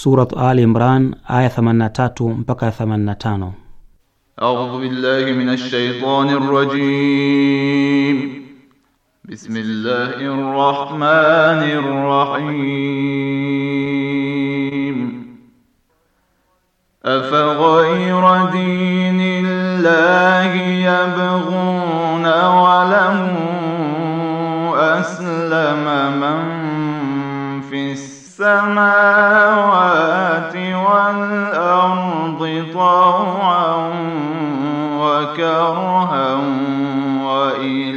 Surat Ali Imran aya 83 mpaka 85. A'udhu billahi minash shaitanir rajim. Bismillahir rahmanir rahim. أفغير دين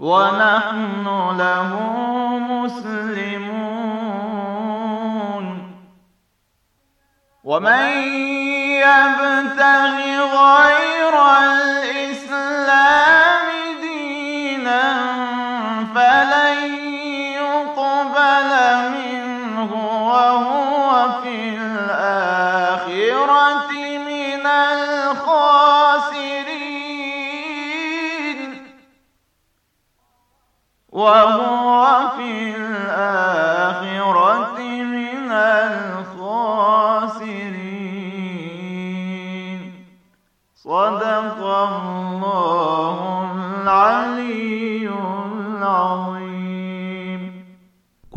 ونحن له مسلمون ومن يبتغ غير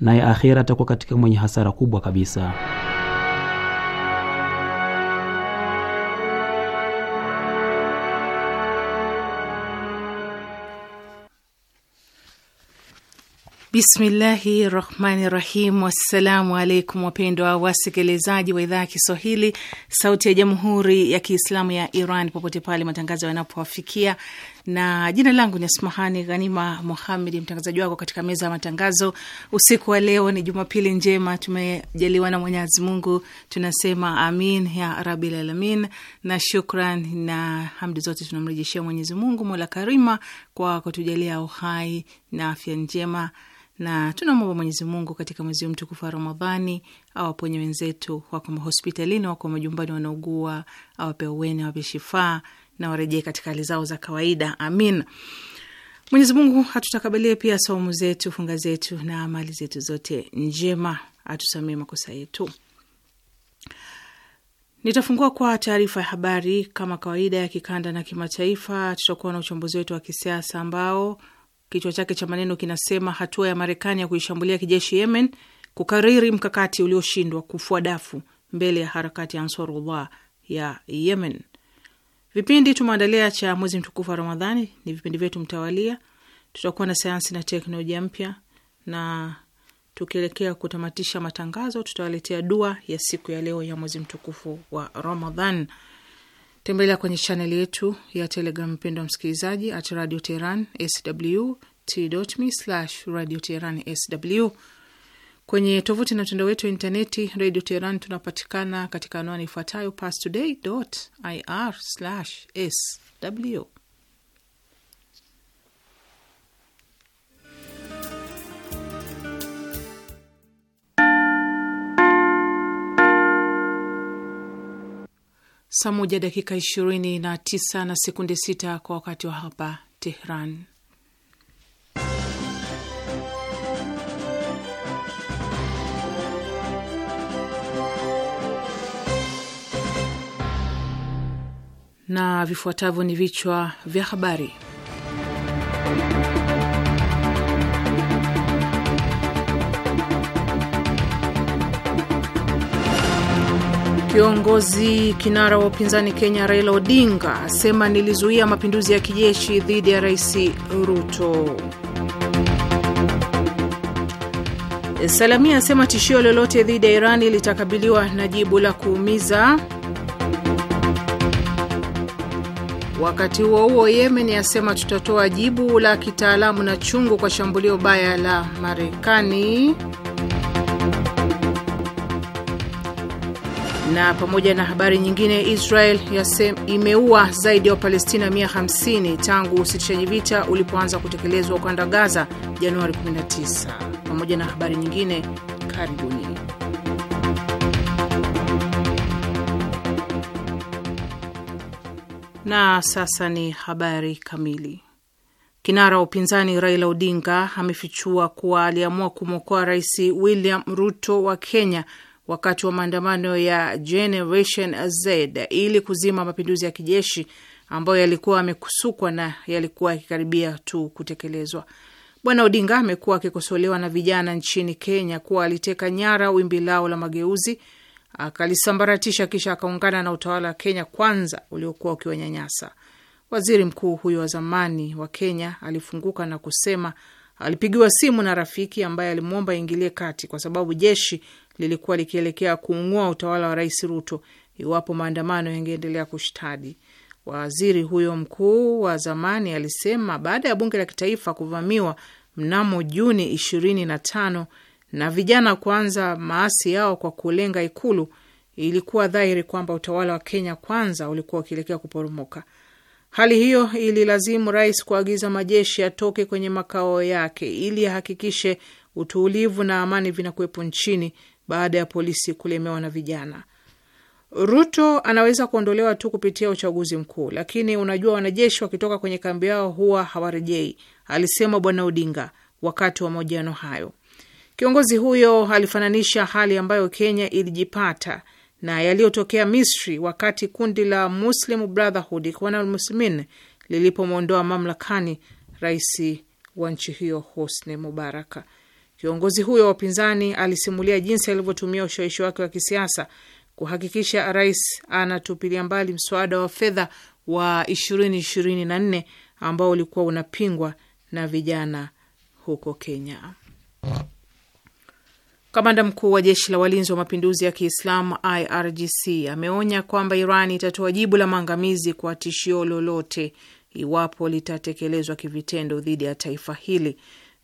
naye akhera atakuwa katika mwenye hasara kubwa kabisa. Bismillahi rahmani rahim. Wassalamu alaikum, wapendwa wasikilizaji wa idhaa ya Kiswahili, Sauti ya Jamhuri ya Kiislamu ya Iran, popote pale matangazo yanapowafikia na jina langu ni Asmahani Ghanima Muhamedi, mtangazaji wako katika meza ya matangazo usiku wa leo. Ni Jumapili njema, tumejaliwa na Mwenyezi Mungu, tunasema amin ya rabil alamin, na shukran na hamdi zote tunamrejeshia Mwenyezi Mungu mola karima kwa kutujalia uhai na afya njema na tunamwomba Mwenyezi Mungu katika mwezi huu mtukufu wa Ramadhani awaponye wenzetu wako mahospitalini, wako majumbani, wanaugua, awape uwene, awape shifaa na warejee katika hali zao za kawaida. Amin. Mwenyezi Mungu atutakabalie pia saumu zetu, funga zetu na amali zetu zote njema, atusamie makosa yetu. Nitafungua kwa taarifa ya habari kama kawaida ya kikanda na kimataifa. Tutakuwa na uchambuzi wetu wa kisiasa ambao kichwa chake cha maneno kinasema hatua ya Marekani ya kuishambulia kijeshi Yemen kukariri mkakati ulioshindwa kufua dafu mbele ya harakati ya Ansarullah ya Yemen. Vipindi tumeandalia cha mwezi mtukufu wa Ramadhani ni vipindi vyetu mtawalia. Tutakuwa na sayansi na teknolojia mpya, na tukielekea kutamatisha matangazo, tutawaletea dua ya siku ya leo ya mwezi mtukufu wa Ramadhan. Tembelea kwenye chaneli yetu ya Telegram, mpendo wa msikilizaji, at Radio Teheran sw t.me slash Radio Teheran sw Kwenye tovuti na mtandao wetu wa intaneti redio Teheran tunapatikana katika anwani ifuatayo pastoday.ir/sw. Saa moja dakika ishirini na tisa na sekunde sita kwa wakati wa hapa Tehran. na vifuatavyo ni vichwa vya habari. Kiongozi kinara wa upinzani Kenya Raila Odinga asema nilizuia mapinduzi ya kijeshi dhidi ya Rais Ruto. Salamia asema tishio lolote dhidi ya Irani litakabiliwa na jibu la kuumiza. Wakati huo huo, Yemen yasema tutatoa jibu la kitaalamu na chungu kwa shambulio baya la Marekani. Na pamoja na habari nyingine, Israel yasem, imeua zaidi ya Wapalestina 150 tangu usitishaji vita ulipoanza kutekelezwa ukanda Gaza Januari 19. Pamoja na habari nyingine, karibuni. Na sasa ni habari kamili. Kinara wa upinzani Raila Odinga amefichua kuwa aliamua kumwokoa Rais William Ruto wa Kenya wakati wa maandamano ya Generation Z ili kuzima mapinduzi ya kijeshi ambayo yalikuwa yamekusukwa na yalikuwa yakikaribia tu kutekelezwa. Bwana Odinga amekuwa akikosolewa na vijana nchini Kenya kuwa aliteka nyara wimbi lao la mageuzi akalisambaratisha, kisha akaungana na utawala wa Kenya kwanza uliokuwa ukiwanyanyasa. Waziri mkuu huyo wa zamani wa Kenya alifunguka na kusema alipigiwa simu na rafiki ambaye alimwomba aingilie kati kwa sababu jeshi lilikuwa likielekea kuung'ua utawala wa Rais Ruto iwapo maandamano yangeendelea kushtadi. Waziri huyo mkuu wa zamani alisema baada ya bunge la kitaifa kuvamiwa mnamo Juni tano na vijana kuanza maasi yao kwa kulenga Ikulu, ilikuwa dhahiri kwamba utawala wa Kenya kwanza ulikuwa ukielekea kuporomoka. Hali hiyo ililazimu rais kuagiza majeshi yatoke kwenye makao yake ili ahakikishe utulivu na amani vinakuwepo nchini baada ya polisi kulemewa na vijana. Ruto anaweza kuondolewa tu kupitia uchaguzi mkuu, lakini unajua, wanajeshi wakitoka kwenye kambi yao huwa hawarejei, alisema Bwana Odinga wakati wa mahojiano hayo. Kiongozi huyo alifananisha hali ambayo Kenya ilijipata na yaliyotokea Misri wakati kundi la Muslim Brotherhood Ikhwanul Muslimin lilipomwondoa mamlakani rais wa nchi hiyo Hosni Mubaraka. Kiongozi huyo wa upinzani alisimulia jinsi alivyotumia ushawishi wake wa kisiasa kuhakikisha rais anatupilia mbali mswada wa fedha wa nne ambao ulikuwa unapingwa na vijana huko Kenya. Kamanda mkuu wa jeshi la walinzi wa mapinduzi ya Kiislamu IRGC ameonya kwamba Iran itatoa jibu la maangamizi kwa tishio lolote iwapo litatekelezwa kivitendo dhidi ya taifa hili.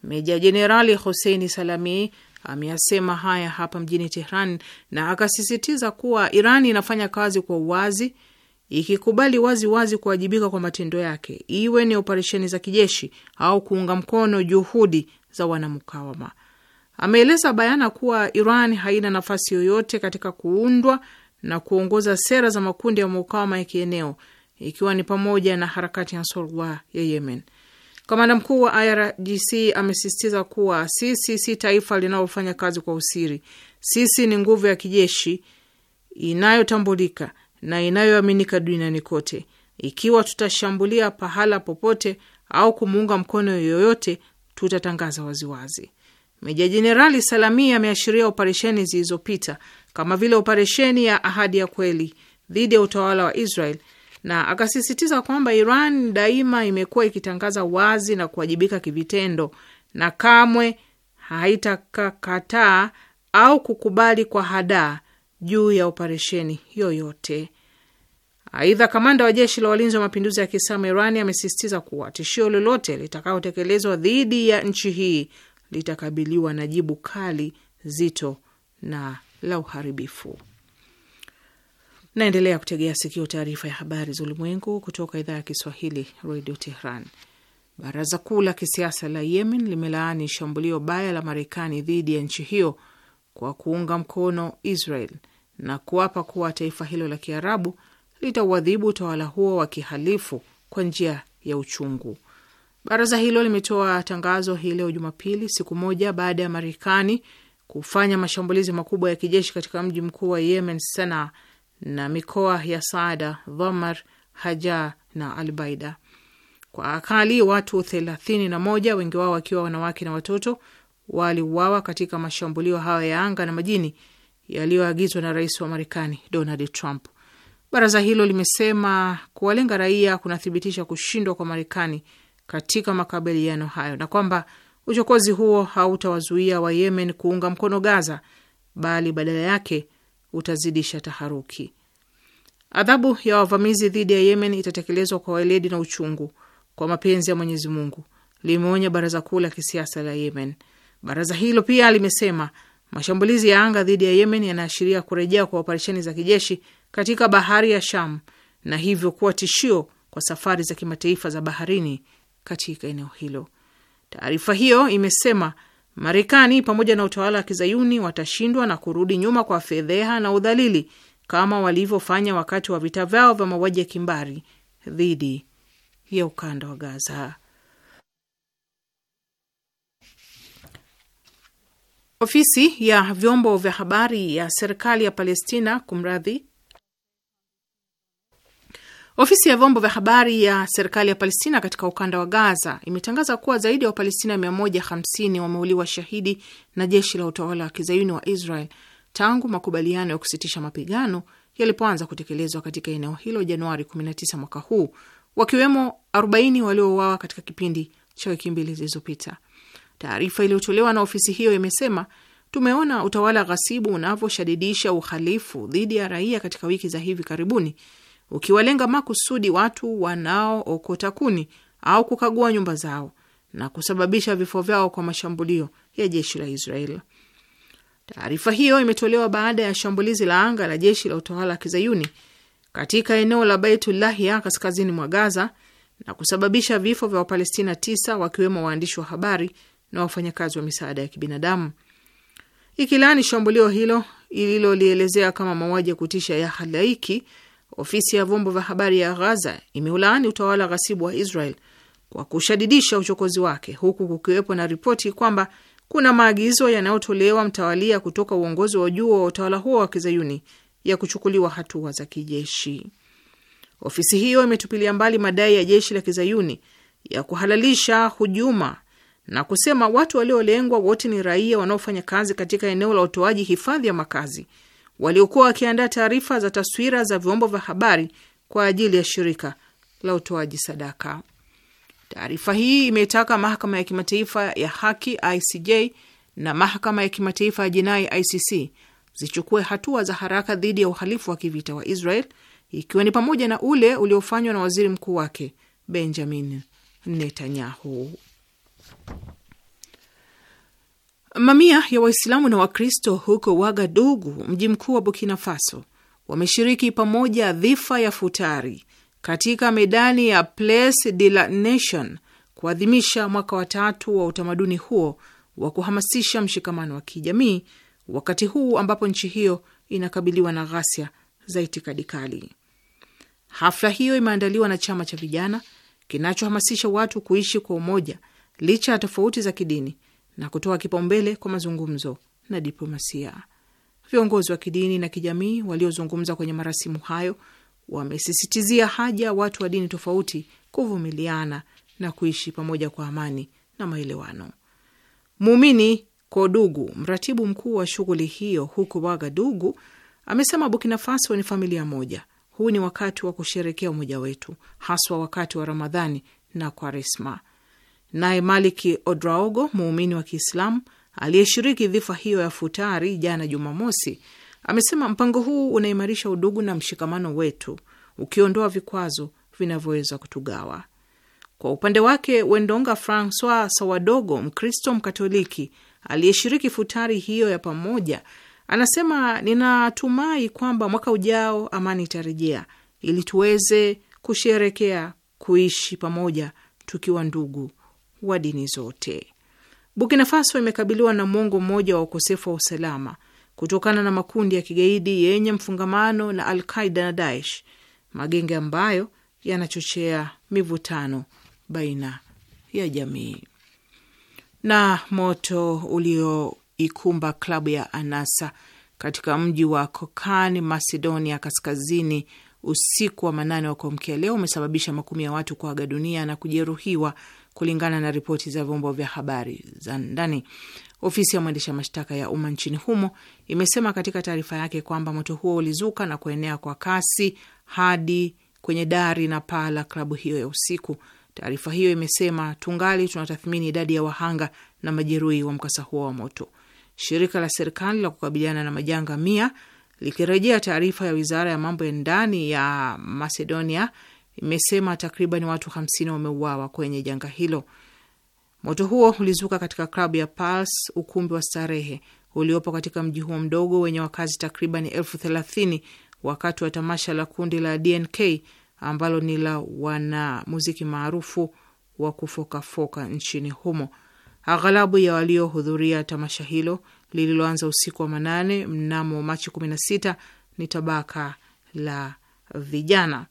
Meja Jenerali Hoseini Salami ameyasema haya hapa mjini Tehran na akasisitiza kuwa Iran inafanya kazi kwa uwazi, ikikubali wazi wazi kuwajibika kwa matendo yake, iwe ni operesheni za kijeshi au kuunga mkono juhudi za wanamkawama Ameeleza bayana kuwa Iran haina nafasi yoyote katika kuundwa na kuongoza sera za makundi ya mukawama ya kieneo ikiwa ni pamoja na harakati ya Ansarullah ya Yemen. Kamanda mkuu wa IRGC amesisitiza kuwa sisi si taifa linalofanya kazi kwa usiri. Sisi ni nguvu ya kijeshi inayotambulika na inayoaminika duniani kote. Ikiwa tutashambulia pahala popote au kumuunga mkono yoyote, tutatangaza waziwazi wazi. Meja Jenerali Salamia ameashiria operesheni zilizopita kama vile operesheni ya Ahadi ya Kweli dhidi ya utawala wa Israel na akasisitiza kwamba Iran daima imekuwa ikitangaza wazi na kuwajibika kivitendo na kamwe haitakakataa au kukubali kwa hadaa juu ya operesheni yoyote. Aidha, kamanda wa jeshi la walinzi wa mapinduzi ya Kiislamu Irani amesisitiza kuwa tishio lolote litakayotekelezwa dhidi ya nchi hii litakabiliwa na jibu kali, zito na la uharibifu. Naendelea kutegea sikio taarifa ya habari za ulimwengu kutoka idhaa ya Kiswahili, Radio Tehran. Baraza kuu la kisiasa la Yemen limelaani shambulio baya la Marekani dhidi ya nchi hiyo kwa kuunga mkono Israel na kuapa kuwa taifa hilo la Kiarabu litauadhibu utawala huo wa kihalifu kwa njia ya uchungu. Baraza hilo limetoa tangazo hii leo Jumapili, siku moja baada ya Marekani kufanya mashambulizi makubwa ya kijeshi katika mji mkuu wa Yemen, Sanaa, na mikoa ya Saada, Dhamar, haja na Albaida. Kwa akali watu thelathini na moja, wengi wao wakiwa wanawake na watoto, waliuawa katika mashambulio hayo ya anga na majini yaliyoagizwa na rais wa Marekani Donald Trump. Baraza hilo limesema kuwalenga raia kunathibitisha kushindwa kwa Marekani katika makabiliano hayo na kwamba uchokozi huo hautawazuia Wayemen kuunga mkono Gaza, bali badala yake utazidisha taharuki. Adhabu ya wavamizi dhidi ya Yemen itatekelezwa kwa weledi na uchungu kwa mapenzi ya Mwenyezi Mungu, limeonya baraza kuu la kisiasa la Yemen. Baraza hilo pia limesema mashambulizi ya anga dhidi ya Yemen yanaashiria kurejea kwa operesheni za kijeshi katika bahari ya Sham na hivyo kuwa tishio kwa safari za kimataifa za baharini katika eneo hilo. Taarifa hiyo imesema Marekani pamoja na utawala wa kizayuni watashindwa na kurudi nyuma kwa fedheha na udhalili kama walivyofanya wakati wa vita vyao vya mauaji ya kimbari dhidi ya ukanda wa Gaza. Ofisi ya vyombo vya habari ya serikali ya Palestina, kumradhi, Ofisi ya vyombo vya habari ya serikali ya Palestina katika ukanda wa Gaza imetangaza kuwa zaidi ya Wapalestina 150 wameuliwa shahidi na jeshi la utawala wa kizayuni wa Israel tangu makubaliano ya kusitisha mapigano yalipoanza kutekelezwa katika eneo hilo Januari 19 mwaka huu, wakiwemo 40 waliouawa katika kipindi cha wiki mbili zilizopita. Taarifa iliyotolewa na ofisi hiyo imesema, tumeona utawala ghasibu unavyoshadidisha uhalifu dhidi ya raia katika wiki za hivi karibuni ukiwalenga makusudi watu wanaookota kuni au kukagua nyumba zao na kusababisha vifo vyao kwa mashambulio ya jeshi la Israel. Taarifa hiyo imetolewa baada ya shambulizi la anga la jeshi la utawala wa kizayuni katika eneo la Baitulahia kaskazini mwa Gaza na kusababisha vifo vya Wapalestina tisa wakiwemo waandishi wa habari na wafanyakazi wa misaada ya kibinadamu. Ikilaani shambulio hilo ililolielezea kama mauaji ya kutisha ya halaiki Ofisi ya vyombo vya habari ya Ghaza imeulaani utawala ghasibu wa Israel kwa kushadidisha uchokozi wake, huku kukiwepo na ripoti kwamba kuna maagizo yanayotolewa mtawalia kutoka uongozi wa juu wa utawala huo wa kizayuni ya kuchukuliwa hatua za kijeshi. Ofisi hiyo imetupilia mbali madai ya jeshi la kizayuni ya kuhalalisha hujuma na kusema watu waliolengwa wote ni raia wanaofanya kazi katika eneo la utoaji hifadhi ya makazi waliokuwa wakiandaa taarifa za taswira za vyombo vya habari kwa ajili ya shirika la utoaji sadaka. Taarifa hii imetaka mahakama ya kimataifa ya haki ICJ na mahakama ya kimataifa ya jinai ICC zichukue hatua za haraka dhidi ya uhalifu wa kivita wa Israel, ikiwa ni pamoja na ule uliofanywa na waziri mkuu wake Benjamin Netanyahu. Mamia ya Waislamu na Wakristo huko Wagadugu, mji mkuu wa Burkina Faso, wameshiriki pamoja dhifa ya futari katika medani ya Place de la Nation kuadhimisha mwaka wa tatu wa utamaduni huo wa kuhamasisha mshikamano wa kijamii, wakati huu ambapo nchi hiyo inakabiliwa na ghasia za itikadi kali. Hafla hiyo imeandaliwa na chama cha vijana kinachohamasisha watu kuishi kwa umoja licha ya tofauti za kidini na kutoa kipaumbele kwa mazungumzo na diplomasia. Viongozi wa kidini na kijamii waliozungumza kwenye marasimu hayo wamesisitizia haja watu wa dini tofauti kuvumiliana na kuishi pamoja kwa amani na maelewano. mumini Kodugu, mratibu mkuu wa shughuli hiyo huko Wagadugu, amesema Burkina Faso ni familia moja. Huu ni wakati wa kusherekea umoja wetu, haswa wakati wa Ramadhani na Kwaresma. Naye Maliki Odraogo, muumini wa Kiislamu aliyeshiriki dhifa hiyo ya futari jana Jumamosi, amesema mpango huu unaimarisha udugu na mshikamano wetu, ukiondoa vikwazo vinavyoweza kutugawa. Kwa upande wake, Wendonga Francois Sawadogo, Mkristo Mkatoliki aliyeshiriki futari hiyo ya pamoja, anasema ninatumai kwamba mwaka ujao amani itarejea ili tuweze kusherekea kuishi pamoja tukiwa ndugu wa dini zote. Burkina Faso imekabiliwa na mwongo mmoja wa ukosefu wa usalama kutokana na makundi ya kigaidi yenye mfungamano na Alqaida na Daesh, magenge ambayo yanachochea mivutano baina ya jamii. Na moto ulioikumba klabu ya anasa katika mji wa Kokan, Macedonia Kaskazini, usiku wa manane wa kuamkia leo umesababisha makumi ya watu kuaga dunia na kujeruhiwa kulingana na ripoti za vyombo vya habari za ndani. Ofisi ya mwendesha mashtaka ya umma nchini humo imesema katika taarifa yake kwamba moto huo ulizuka na kuenea kwa kasi hadi kwenye dari na paa la klabu hiyo ya usiku. Taarifa hiyo imesema, tungali tunatathmini idadi ya wahanga na majeruhi wa mkasa huo wa moto. Shirika la serikali la kukabiliana na majanga MIA likirejea taarifa ya wizara ya mambo ya ndani ya Macedonia imesema takriban watu 50 wameuawa kwenye janga hilo. Moto huo ulizuka katika klabu ya Pals, ukumbi wa starehe uliopo katika mji huo mdogo wenye wakazi takriban elfu thelathini wakati wa tamasha la kundi la DNK ambalo ni la wanamuziki maarufu wa kufokafoka nchini humo. Aghalabu ya waliohudhuria tamasha hilo lililoanza usiku wa manane mnamo Machi 16 ni tabaka la vijana.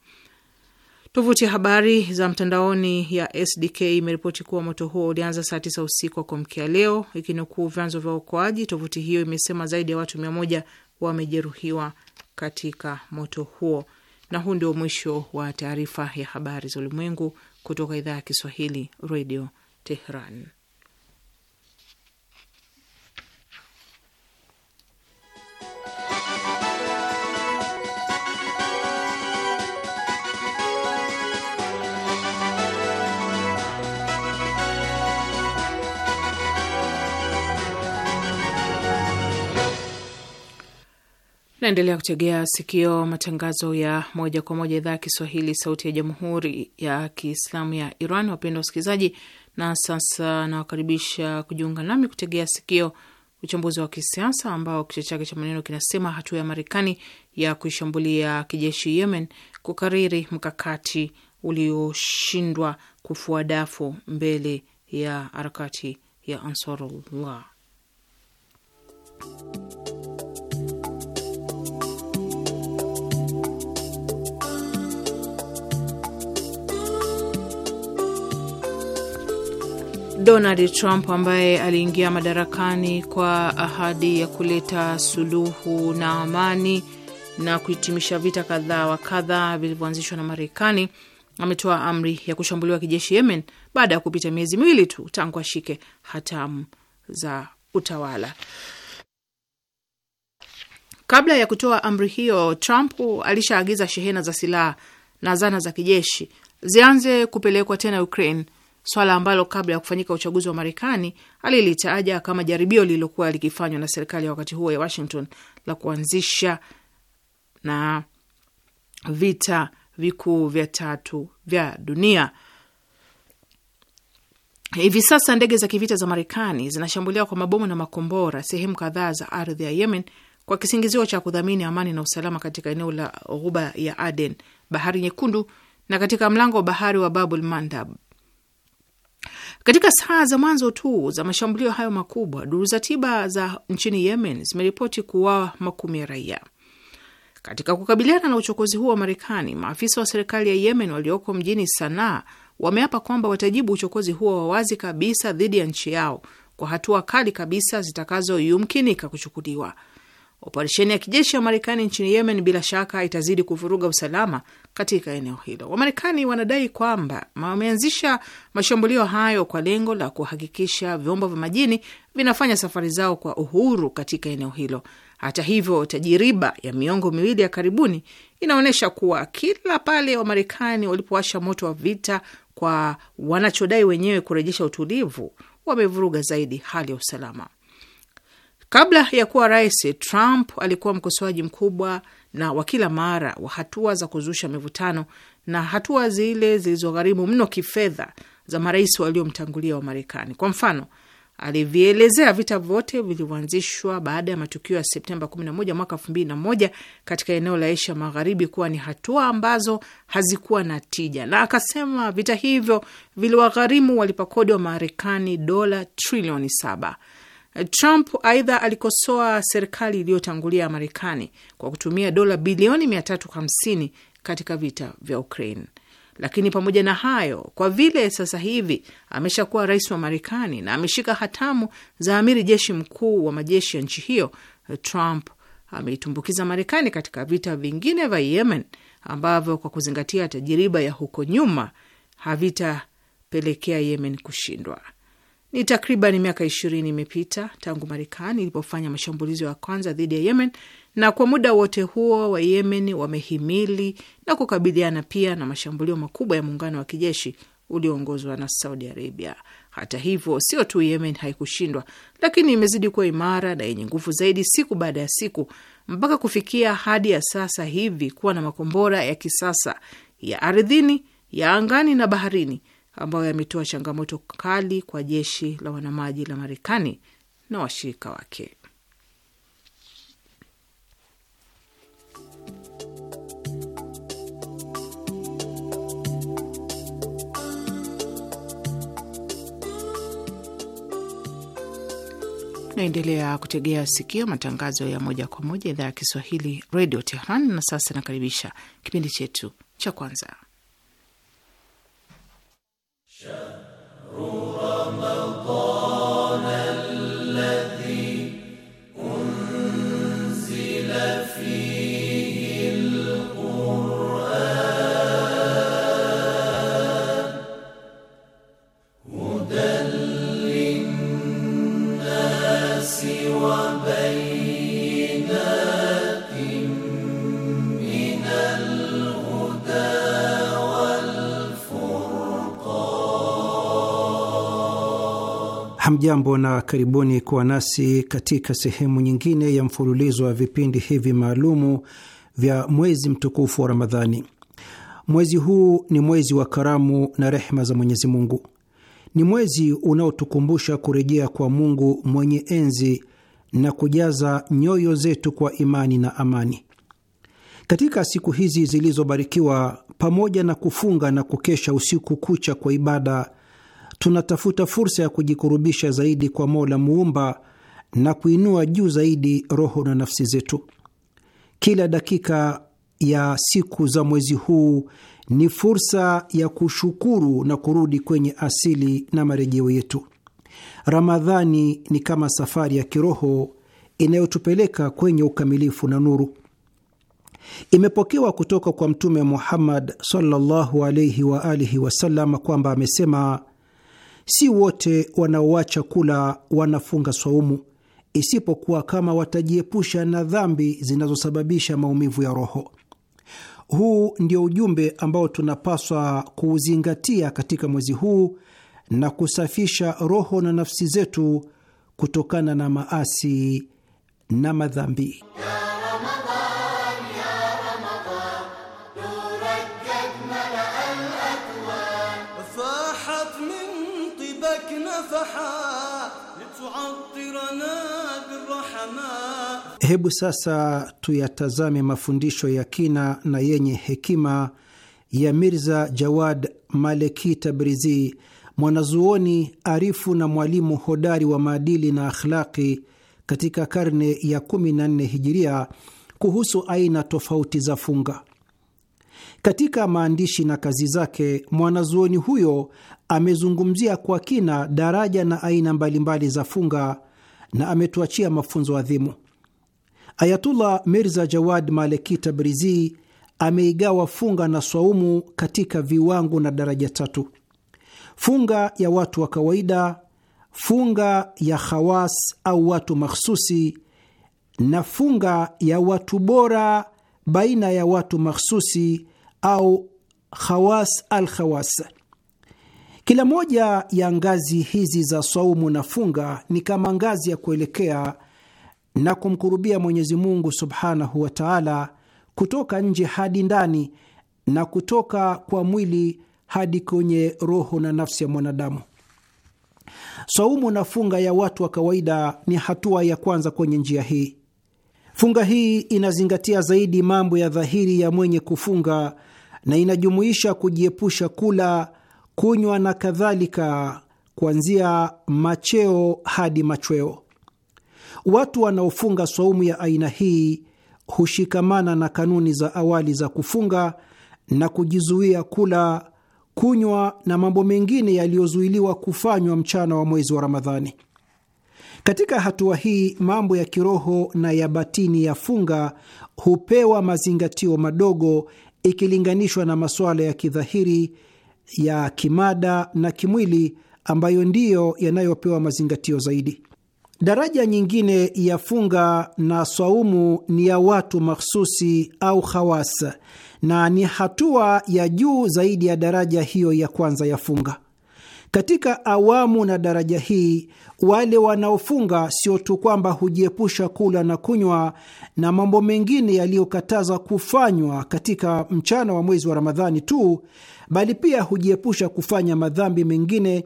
Tovuti ya habari za mtandaoni ya SDK imeripoti kuwa moto huo ulianza saa tisa usiku wa kuamkia leo. Ikinukuu vyanzo vya uokoaji, tovuti hiyo imesema zaidi ya watu mia moja wamejeruhiwa katika moto huo. Na huu ndio mwisho wa taarifa ya habari za ulimwengu kutoka idhaa ya Kiswahili, Redio Tehran. Naendelea kutegea sikio matangazo ya moja kwa moja idhaa ya Kiswahili, sauti ya jamhuri ya kiislamu ya Iran. wapenda wasikilizaji, na sasa nawakaribisha kujiunga nami kutegea sikio uchambuzi wa kisiasa ambao kichwa chake cha maneno kinasema hatua ya Marekani ya kuishambulia kijeshi Yemen kukariri mkakati ulioshindwa kufua dafu mbele ya harakati ya Ansarullah. Donald Trump ambaye aliingia madarakani kwa ahadi ya kuleta suluhu na amani na kuhitimisha vita kadhaa wa kadhaa vilivyoanzishwa na Marekani ametoa amri ya kushambuliwa kijeshi Yemen baada ya kupita miezi miwili tu tangu ashike hatamu za utawala. Kabla ya kutoa amri hiyo, Trump alishaagiza shehena za silaha na zana za kijeshi zianze kupelekwa tena Ukraine swala ambalo kabla ya kufanyika uchaguzi wa Marekani alilitaja kama jaribio lililokuwa likifanywa na serikali ya wakati huo ya Washington la kuanzisha na vita vikuu vya tatu vya dunia. Hivi sasa ndege za kivita za Marekani zinashambulia kwa mabomu na makombora sehemu kadhaa za ardhi ya Yemen kwa kisingizio cha kudhamini amani na usalama katika eneo la ghuba ya Aden, bahari Nyekundu, na katika mlango wa bahari wa Babul Mandab. Katika saa za mwanzo tu za mashambulio hayo makubwa, duru za tiba za nchini Yemen zimeripoti kuuawa makumi ya raia. Katika kukabiliana na uchokozi huo wa Marekani, maafisa wa serikali ya Yemen walioko mjini Sanaa wameapa kwamba watajibu uchokozi huo wa wazi kabisa dhidi ya nchi yao kwa hatua kali kabisa zitakazoyumkinika kuchukuliwa. Operesheni ya kijeshi ya Marekani nchini Yemen bila shaka itazidi kuvuruga usalama katika eneo hilo. Wamarekani wanadai kwamba wameanzisha mashambulio hayo kwa lengo la kuhakikisha vyombo vya majini vinafanya safari zao kwa uhuru katika eneo hilo. Hata hivyo, tajiriba ya miongo miwili ya karibuni inaonyesha kuwa kila pale Wamarekani walipowasha moto wa vita kwa wanachodai wenyewe kurejesha utulivu, wamevuruga zaidi hali ya usalama. Kabla ya kuwa rais, Trump alikuwa mkosoaji mkubwa na wa kila mara wa hatua za kuzusha mivutano na hatua zile zilizogharimu mno kifedha za marais waliomtangulia wa Marekani. Kwa mfano, alivielezea vita vyote vilivyoanzishwa baada ya matukio ya Septemba 11 mwaka 2001 katika eneo la Asia Magharibi kuwa ni hatua ambazo hazikuwa na tija, na akasema vita hivyo viliwagharimu walipakodi wa Marekani dola trilioni saba. Trump aidha alikosoa serikali iliyotangulia ya Marekani kwa kutumia dola bilioni 350 katika vita vya Ukraine. Lakini pamoja na hayo, kwa vile sasa hivi ameshakuwa rais wa Marekani na ameshika hatamu za amiri jeshi mkuu wa majeshi ya nchi hiyo, Trump ameitumbukiza Marekani katika vita vingine vya Yemen ambavyo kwa kuzingatia tajiriba ya huko nyuma havitapelekea Yemen kushindwa. Ni takriban miaka ishirini imepita tangu Marekani ilipofanya mashambulizi ya kwanza dhidi ya Yemen, na kwa muda wote huo wa Yemen wamehimili na kukabiliana pia na mashambulio makubwa ya muungano wa kijeshi ulioongozwa na Saudi Arabia. Hata hivyo, sio tu Yemen haikushindwa, lakini imezidi kuwa imara na yenye nguvu zaidi siku baada ya siku, mpaka kufikia hadi ya sasa hivi kuwa na makombora ya kisasa ya ardhini, ya angani na baharini ambayo yametoa changamoto kali kwa jeshi la wanamaji la Marekani na washirika wake. Naendelea kutegea sikio matangazo ya moja kwa moja idhaa ya Kiswahili, redio Tehran. Na sasa nakaribisha kipindi chetu cha kwanza شهر رمضان Hamjambo na karibuni kuwa nasi katika sehemu nyingine ya mfululizo wa vipindi hivi maalumu vya mwezi mtukufu wa Ramadhani. Mwezi huu ni mwezi wa karamu na rehma za Mwenyezi Mungu. Ni mwezi unaotukumbusha kurejea kwa Mungu mwenye enzi na kujaza nyoyo zetu kwa imani na amani. Katika siku hizi zilizobarikiwa, pamoja na kufunga na kukesha usiku kucha kwa ibada tunatafuta fursa ya kujikurubisha zaidi kwa Mola Muumba na kuinua juu zaidi roho na nafsi zetu. Kila dakika ya siku za mwezi huu ni fursa ya kushukuru na kurudi kwenye asili na marejeo yetu. Ramadhani ni kama safari ya kiroho inayotupeleka kwenye ukamilifu na nuru. Imepokewa kutoka kwa Mtume Muhammad sallallahu alaihi wa alihi wasallam kwamba amesema Si wote wanaoacha kula wanafunga swaumu, isipokuwa kama watajiepusha na dhambi zinazosababisha maumivu ya roho. Huu ndio ujumbe ambao tunapaswa kuuzingatia katika mwezi huu na kusafisha roho na nafsi zetu kutokana na maasi na madhambi. Hebu sasa tuyatazame mafundisho ya kina na yenye hekima ya Mirza Jawad Maleki Tabrizi, mwanazuoni arifu na mwalimu hodari wa maadili na akhlaki katika karne ya 14 Hijiria, kuhusu aina tofauti za funga. Katika maandishi na kazi zake, mwanazuoni huyo amezungumzia kwa kina daraja na aina mbalimbali za funga na ametuachia mafunzo adhimu. Ayatullah Mirza Jawad Maleki Tabrizi ameigawa funga na swaumu katika viwango na daraja tatu: funga ya watu wa kawaida, funga ya khawas au watu makhsusi na funga ya watu bora baina ya watu makhsusi au khawas al khawas. Kila moja ya ngazi hizi za swaumu na funga ni kama ngazi ya kuelekea na kumkurubia Mwenyezi Mungu subhanahu wa taala kutoka nje hadi ndani na kutoka kwa mwili hadi kwenye roho na nafsi ya mwanadamu. Saumu na funga ya watu wa kawaida ni hatua ya kwanza kwenye njia hii. Funga hii inazingatia zaidi mambo ya dhahiri ya mwenye kufunga na inajumuisha kujiepusha kula, kunywa na kadhalika, kuanzia macheo hadi machweo. Watu wanaofunga saumu ya aina hii hushikamana na kanuni za awali za kufunga na kujizuia kula, kunywa na mambo mengine yaliyozuiliwa kufanywa mchana wa mwezi wa Ramadhani. Katika hatua hii, mambo ya kiroho na ya batini ya funga hupewa mazingatio madogo ikilinganishwa na masuala ya kidhahiri ya kimada na kimwili ambayo ndiyo yanayopewa mazingatio zaidi. Daraja nyingine ya funga na swaumu ni ya watu makhsusi au khawas, na ni hatua ya juu zaidi ya daraja hiyo ya kwanza ya funga. Katika awamu na daraja hii, wale wanaofunga sio tu kwamba hujiepusha kula na kunywa na mambo mengine yaliyokataza kufanywa katika mchana wa mwezi wa Ramadhani tu, bali pia hujiepusha kufanya madhambi mengine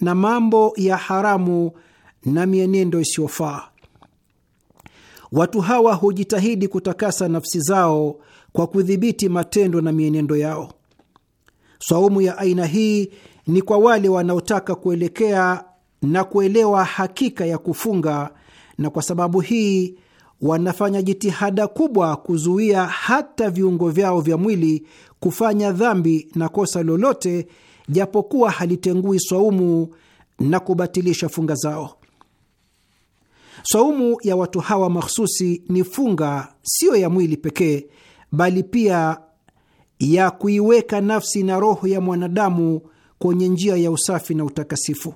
na mambo ya haramu na mienendo isiyofaa. Watu hawa hujitahidi kutakasa nafsi zao kwa kudhibiti matendo na mienendo yao. Saumu ya aina hii ni kwa wale wanaotaka kuelekea na kuelewa hakika ya kufunga, na kwa sababu hii wanafanya jitihada kubwa kuzuia hata viungo vyao vya mwili kufanya dhambi na kosa lolote, japokuwa halitengui swaumu na kubatilisha funga zao. Saumu ya watu hawa makhususi ni funga, siyo ya mwili pekee, bali pia ya kuiweka nafsi na roho ya mwanadamu kwenye njia ya usafi na utakasifu.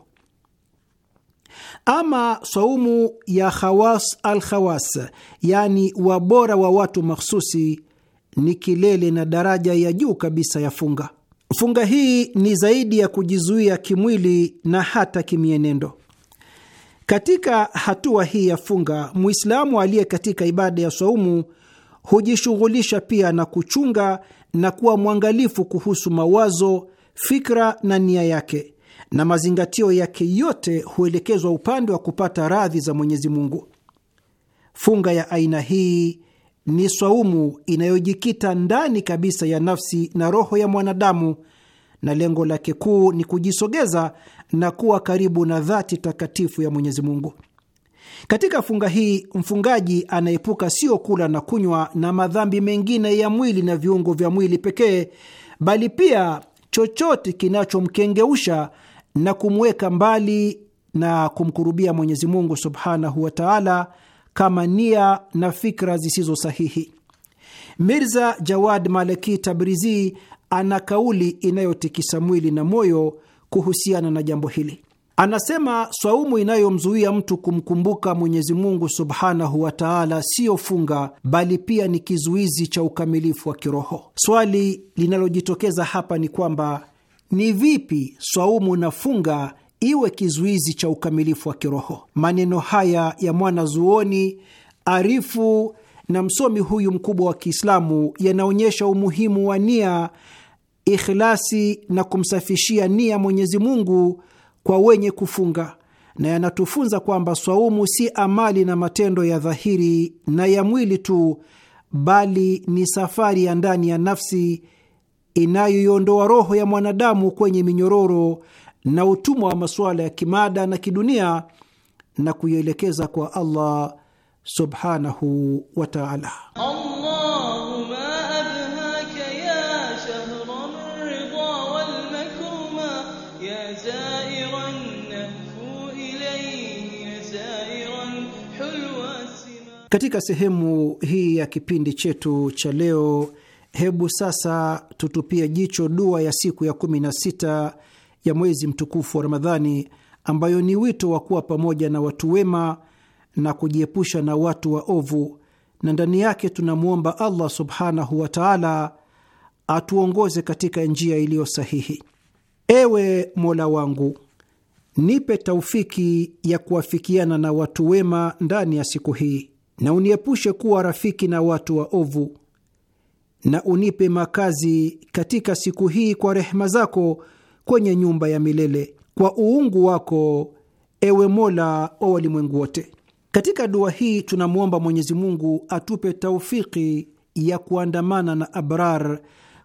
Ama saumu ya khawas al khawas, yaani wabora wa watu makhususi ni kilele na daraja ya juu kabisa ya funga. Funga hii ni zaidi ya kujizuia kimwili na hata kimienendo. Katika hatua hii ya funga, Mwislamu aliye katika ibada ya saumu hujishughulisha pia na kuchunga na kuwa mwangalifu kuhusu mawazo, fikra na nia yake, na mazingatio yake yote huelekezwa upande wa kupata radhi za Mwenyezi Mungu. Funga ya aina hii ni saumu inayojikita ndani kabisa ya nafsi na roho ya mwanadamu na lengo lake kuu ni kujisogeza na kuwa karibu na dhati takatifu ya Mwenyezi Mungu. Katika funga hii mfungaji anaepuka sio kula na kunywa na madhambi mengine ya mwili na viungo vya mwili pekee, bali pia chochote kinachomkengeusha na kumweka mbali na kumkurubia Mwenyezi Mungu subhanahu wa taala, kama nia na fikra zisizo sahihi. Mirza Jawad Malaki Tabrizi ana kauli inayotikisa mwili na moyo kuhusiana na jambo hili. Anasema swaumu inayomzuia mtu kumkumbuka Mwenyezi Mungu subhanahu wa taala siyo funga, bali pia ni kizuizi cha ukamilifu wa kiroho. Swali linalojitokeza hapa ni kwamba ni vipi swaumu na funga iwe kizuizi cha ukamilifu wa kiroho? Maneno haya ya mwanazuoni arifu na msomi huyu mkubwa wa Kiislamu yanaonyesha umuhimu wa nia ikhlasi na kumsafishia nia Mwenyezi Mungu kwa wenye kufunga, na yanatufunza kwamba swaumu si amali na matendo ya dhahiri na ya mwili tu, bali ni safari ya ndani ya nafsi inayoiondoa roho ya mwanadamu kwenye minyororo na utumwa wa masuala ya kimada na kidunia na kuielekeza kwa Allah subhanahu wa taala. Katika sehemu hii ya kipindi chetu cha leo, hebu sasa tutupie jicho dua ya siku ya sita ya mwezi mtukufu wa Ramadhani, ambayo ni wito wa kuwa pamoja na watu wema na kujiepusha na watu waovu, na ndani yake tunamwomba Allah subhanahu wa taala atuongoze katika njia iliyo sahihi. Ewe Mola wangu, nipe taufiki ya kuwafikiana na watu wema ndani ya siku hii na uniepushe kuwa rafiki na watu waovu, na unipe makazi katika siku hii kwa rehema zako kwenye nyumba ya milele kwa uungu wako, ewe Mola wa walimwengu wote. Katika dua hii tunamwomba Mwenyezi Mungu atupe taufiki ya kuandamana na abrar,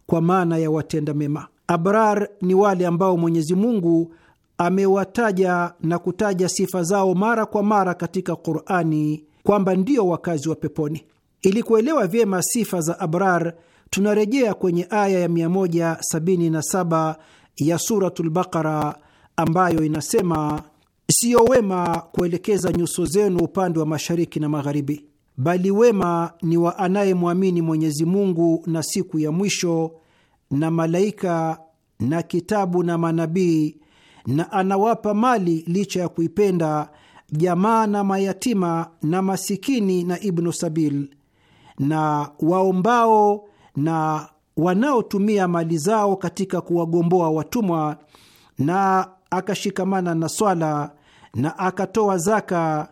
kwa maana ya watenda mema. Abrar ni wale ambao Mwenyezi Mungu amewataja na kutaja sifa zao mara kwa mara katika Qurani kwamba ndio wakazi wa peponi. Ili kuelewa vyema sifa za abrar, tunarejea kwenye aya ya 177 ya Suratul Baqara ambayo inasema, siyo wema kuelekeza nyuso zenu upande wa mashariki na magharibi, bali wema ni wa anayemwamini Mwenyezi Mungu na siku ya mwisho na malaika na kitabu na manabii, na anawapa mali licha ya kuipenda jamaa na mayatima na masikini na Ibnu Sabil na waombao na wanaotumia mali zao katika kuwagomboa watumwa, na akashikamana na swala na akatoa zaka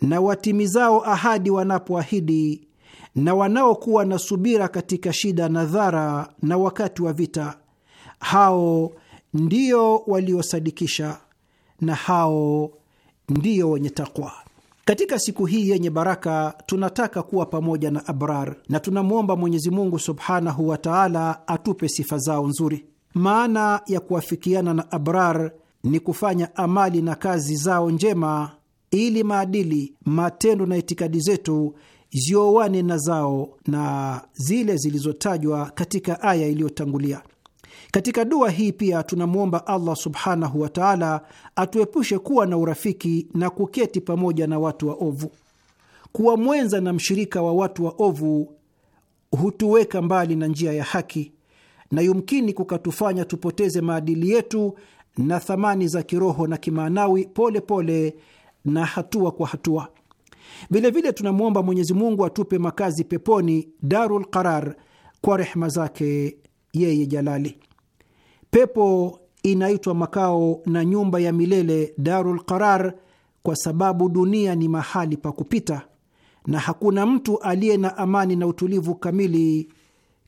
na watimizao ahadi wanapoahidi na wanaokuwa na subira katika shida na dhara na wakati wa vita, hao ndio waliosadikisha na hao ndiyo wenye takwa. Katika siku hii yenye baraka tunataka kuwa pamoja na abrar na tunamwomba Mwenyezi Mungu subhanahu wa taala atupe sifa zao nzuri. Maana ya kuafikiana na abrar ni kufanya amali na kazi zao njema, ili maadili, matendo na itikadi zetu ziowane na zao na zile zilizotajwa katika aya iliyotangulia. Katika dua hii pia tunamwomba Allah subhanahu wa taala atuepushe kuwa na urafiki na kuketi pamoja na watu waovu. Kuwa mwenza na mshirika wa watu waovu hutuweka mbali na njia ya haki na yumkini kukatufanya tupoteze maadili yetu na thamani za kiroho na kimaanawi pole pole na hatua kwa hatua. Vilevile tunamwomba Mwenyezi Mungu atupe makazi peponi darul qarar kwa rehma zake yeye Jalali. Pepo inaitwa makao na nyumba ya milele Darul Qarar kwa sababu dunia ni mahali pa kupita na hakuna mtu aliye na amani na utulivu kamili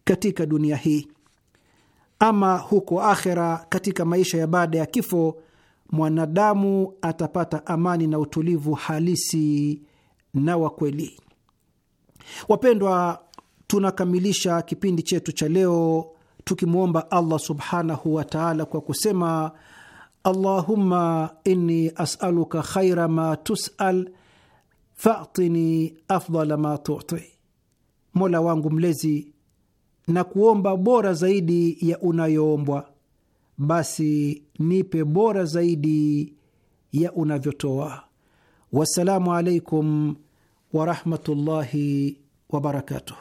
katika dunia hii. Ama huko akhera, katika maisha ya baada ya kifo, mwanadamu atapata amani na utulivu halisi na wa kweli. Wapendwa, tunakamilisha kipindi chetu cha leo tukimwomba Allah subhanahu wa taala kwa kusema Allahumma inni asaluka khaira ma tusal fatini afdala ma tuti, Mola wangu mlezi, na kuomba bora zaidi ya unayoombwa, basi nipe bora zaidi ya unavyotoa. Wassalamu alaikum warahmatullahi wabarakatuh.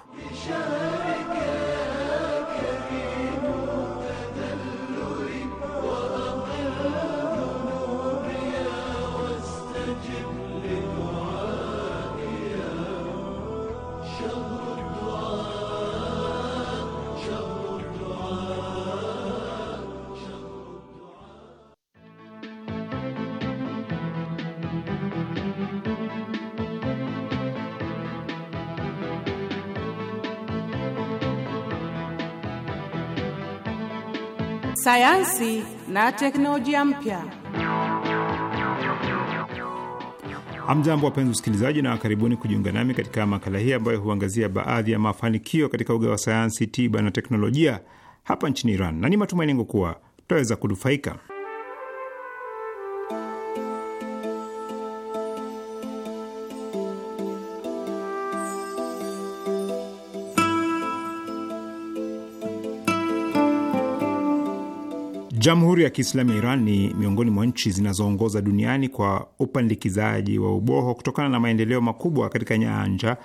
sayansi na teknolojia mpya. Hamjambo, wapenzi usikilizaji, na karibuni kujiunga nami katika makala hii ambayo huangazia baadhi ya mafanikio katika uga wa sayansi, tiba na teknolojia hapa nchini Iran, na ni matumaini yangu kuwa tutaweza kunufaika. Jamhuri ya Kiislamu ya Iran ni miongoni mwa nchi zinazoongoza duniani kwa upandikizaji wa uboho kutokana na maendeleo makubwa katika nyanja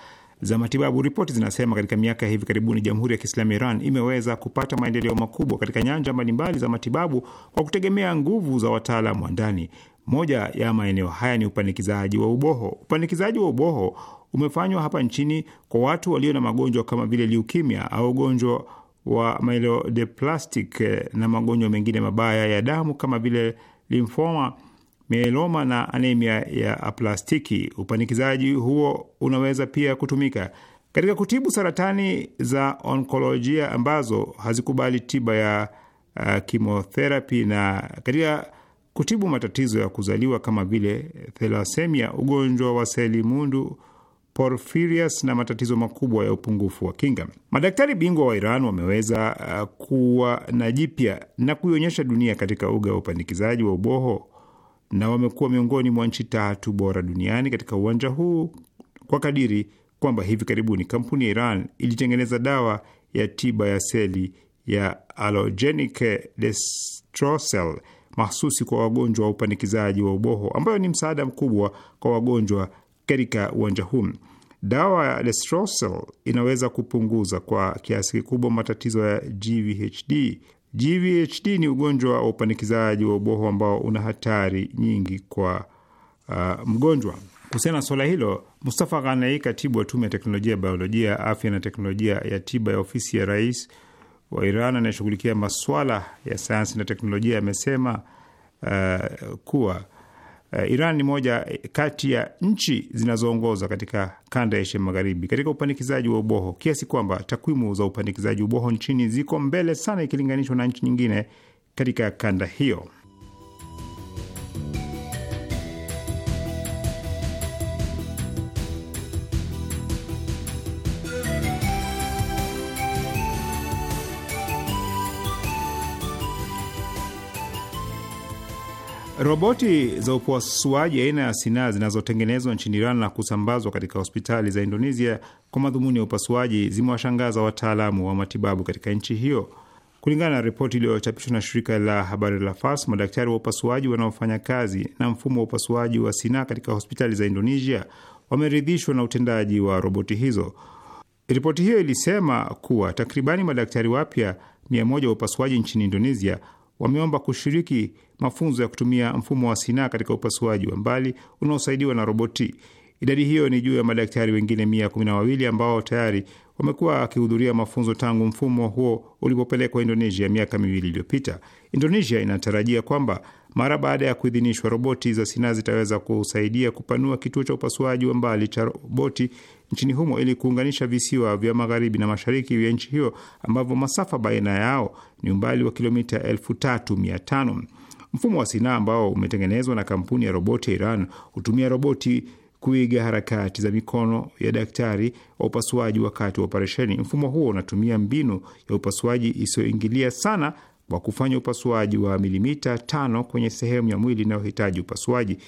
za matibabu. Ripoti zinasema katika miaka ya hivi karibuni, Jamhuri ya Kiislamu ya Iran imeweza kupata maendeleo makubwa katika nyanja mbalimbali za matibabu kwa kutegemea nguvu za wataalam wa ndani. Moja ya maeneo haya ni upandikizaji wa uboho. Upandikizaji wa uboho umefanywa hapa nchini kwa watu walio na magonjwa kama vile liukimia au ugonjwa wa myelodysplastic eh, na magonjwa mengine mabaya ya damu kama vile limfoma, mieloma na anemia ya aplastiki. Upanikizaji huo unaweza pia kutumika katika kutibu saratani za onkolojia ambazo hazikubali tiba ya uh, na katika kutibu matatizo ya kuzaliwa kama vile thelasemia, ugonjwa wa seli mundu porfirias na matatizo makubwa ya upungufu wa kinga. Madaktari bingwa wa Iran wameweza uh, kuwa na jipya na kuionyesha dunia katika uga wa upandikizaji wa uboho na wamekuwa miongoni mwa nchi tatu bora duniani katika uwanja huu kwa kadiri kwamba hivi karibuni kampuni ya Iran ilitengeneza dawa ya tiba ya seli ya alogenic destrosel mahsusi kwa wagonjwa wa upandikizaji wa uboho ambayo ni msaada mkubwa kwa wagonjwa katika uwanja huu. Dawa ya lestrosel inaweza kupunguza kwa kiasi kikubwa matatizo ya GVHD. GVHD ni ugonjwa wa upandikizaji wa uboho ambao una hatari nyingi kwa uh, mgonjwa. Kuhusiana na suala hilo, Mustafa Ghanai, katibu wa tume ya teknolojia ya biolojia ya afya na teknolojia ya tiba ya ofisi ya rais wa Iran anayeshughulikia maswala ya sayansi na teknolojia amesema uh, kuwa Eh, Iran ni moja kati ya nchi zinazoongoza katika kanda ya Asia Magharibi katika upandikizaji wa uboho kiasi kwamba takwimu za upandikizaji uboho nchini ziko mbele sana ikilinganishwa na nchi nyingine katika kanda hiyo. Roboti za upasuaji aina ya Sina zinazotengenezwa nchini Iran na kusambazwa katika hospitali za Indonesia kwa madhumuni ya upasuaji zimewashangaza wataalamu wa matibabu katika nchi hiyo. Kulingana na ripoti iliyochapishwa na shirika la habari la Fars, madaktari wa upasuaji wanaofanya kazi na mfumo wa upasuaji wa Sina katika hospitali za Indonesia wameridhishwa na utendaji wa roboti hizo. Ripoti hiyo ilisema kuwa takribani madaktari wapya mia moja wa upasuaji nchini Indonesia wameomba kushiriki mafunzo ya kutumia mfumo wa Sina katika upasuaji wa mbali unaosaidiwa na roboti. Idadi hiyo ni juu ya madaktari wengine mia kumi na wawili ambao tayari wamekuwa wakihudhuria mafunzo tangu mfumo huo ulipopelekwa Indonesia miaka miwili iliyopita. Indonesia inatarajia kwamba mara baada ya kuidhinishwa, roboti za Sina zitaweza kusaidia kupanua kituo cha upasuaji wa mbali cha roboti nchini humo ili kuunganisha visiwa vya magharibi na mashariki vya nchi hiyo ambavyo masafa baina yao ni umbali wa kilomita 3500. Mfumo wa Sina ambao umetengenezwa na kampuni ya roboti ya Iran hutumia roboti kuiga harakati za mikono ya daktari wa upasuaji wakati wa operesheni. Mfumo huo unatumia mbinu ya upasuaji isiyoingilia sana kwa kufanya upasuaji wa milimita tano kwenye sehemu ya mwili inayohitaji upasuaji.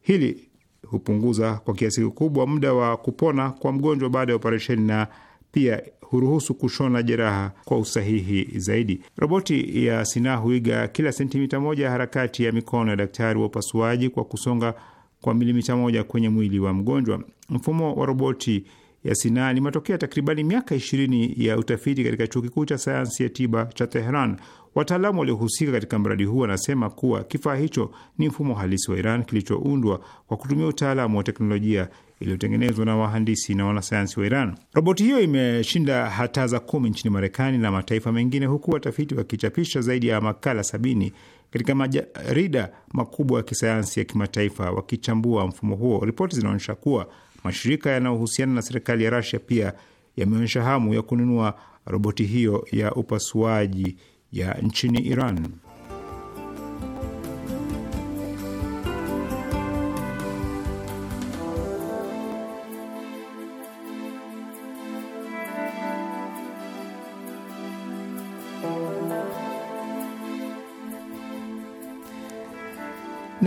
Hili hupunguza kwa kiasi kikubwa muda wa kupona kwa mgonjwa baada ya operesheni na pia huruhusu kushona jeraha kwa usahihi zaidi. Roboti ya Sina huiga kila sentimita moja harakati ya mikono ya daktari wa upasuaji kwa kusonga kwa milimita moja kwenye mwili wa mgonjwa. Mfumo wa roboti ya Sinaa ni matokeo ya takribani miaka ishirini ya utafiti katika chuo kikuu cha sayansi ya tiba cha Teheran. Wataalamu waliohusika katika mradi huu wanasema kuwa kifaa hicho ni mfumo halisi wa Iran kilichoundwa kwa kutumia utaalamu wa teknolojia iliyotengenezwa na wahandisi na wanasayansi wa Iran. Roboti hiyo imeshinda za kumi nchini Marekani na mataifa mengine, huku watafiti wakichapisha zaidi ya makala sabini katika majarida makubwa ya kisayansi ya kimataifa wakichambua mfumo huo. Ripoti zinaonyesha kuwa Mashirika yanayohusiana na serikali ya Rasia pia yameonyesha hamu ya kununua roboti hiyo ya upasuaji ya nchini Iran.